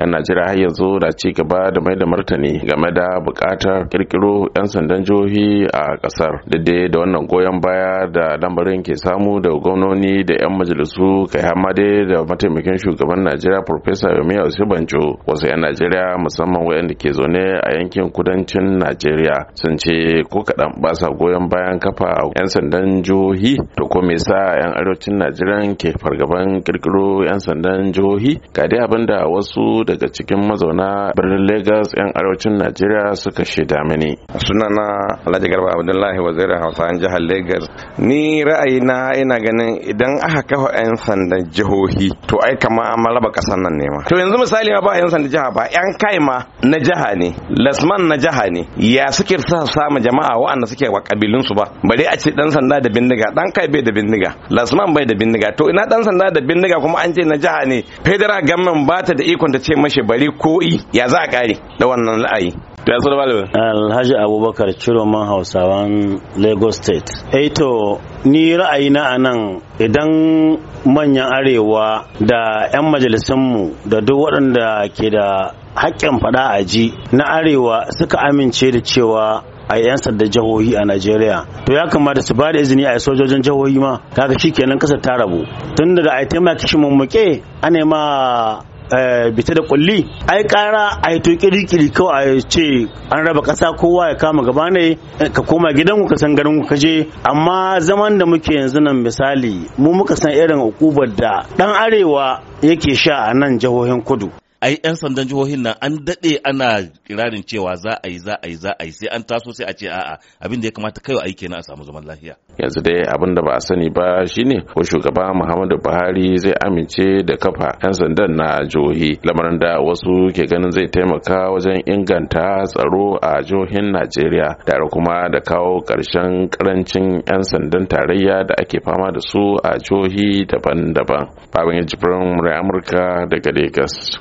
'yan najeriya har yanzu na ci gaba da mai da martani game da bukatar kirkiro 'yan sandan jihohi a kasar daidai da wannan goyon baya da lambarin ke samu da gwamnoni da 'yan majalisu kai hamade da mataimakin shugaban najeriya farfesa yomi banjo wasu 'yan najeriya musamman wayanda ke zaune a yankin kudancin najeriya sun ce ko kaɗan ba sa goyon bayan kafa 'yan sandan jihohi da ko me sa 'yan arewacin najeriya ke fargaban kirkiro 'yan sandan jihohi ga dai abin wasu daga cikin mazauna birnin Legas 'yan arewacin Najeriya suka shaida mini. Sunana Alhaji Garba Abdullahi Wazirin Hausa an jihar Legas. Ni ra'ayina ina ganin idan aka kafa 'yan sandan jihohi to ai kama an malaba kasan nan ne ma. To yanzu misali ba 'yan sandan jiha ba 'yan kai ma na jiha ne, lasman na jiha ne. Ya suke sa samu jama'a wa'anda suke wa kabilun su ba. Bare a ce dan sanda da bindiga, dan kai bai da bindiga, lasman bai da bindiga. To ina dan sanda da bindiga kuma an ce na jiha ne. Federal government ba ta da ikon ta ce ce mashi bari ko'i ya za a kare da wannan la'ayi to yanzu da alhaji abubakar ciroman hausawan lagos state eto eh ni ra'ayi na anan, idan manyan arewa da 'yan majalisunmu da duk waɗanda ke da haƙƙin faɗa a ji na arewa suka amince da cewa a 'yan da jihohi a Najeriya to ya kamata su ba da izini a sojojin jihohi ma kaga kenan kasa ta rabu tun da a taimaka shi mummuke ana ma Eh, bita da kulli ai kara ai to kirikiri kawai a ce an raba kasa kowa ya kama gaba ne eh, ka koma gidanku ka san garin ka je amma zaman da muke yanzu nan misali mu muka san irin hukubar da dan arewa yake sha a nan jihohin kudu ai yan sandan jihohin nan an daɗe, ana kirarin cewa za a yi za a yi za a yi sai an taso sai a ce a'a abin da ya kamata kai aiki na a samu zaman lafiya yanzu dai abin da ba a sani ba shine ko shugaba Muhammadu Buhari zai amince da kafa yan sandan na jihohi lamarin da wasu ke ganin zai taimaka wajen inganta tsaro a jihohin Najeriya tare kuma da kawo karshen karancin yan sandan tarayya da ake fama da su a jihohi daban-daban. Babin Jibrin Amurka daga Lagos.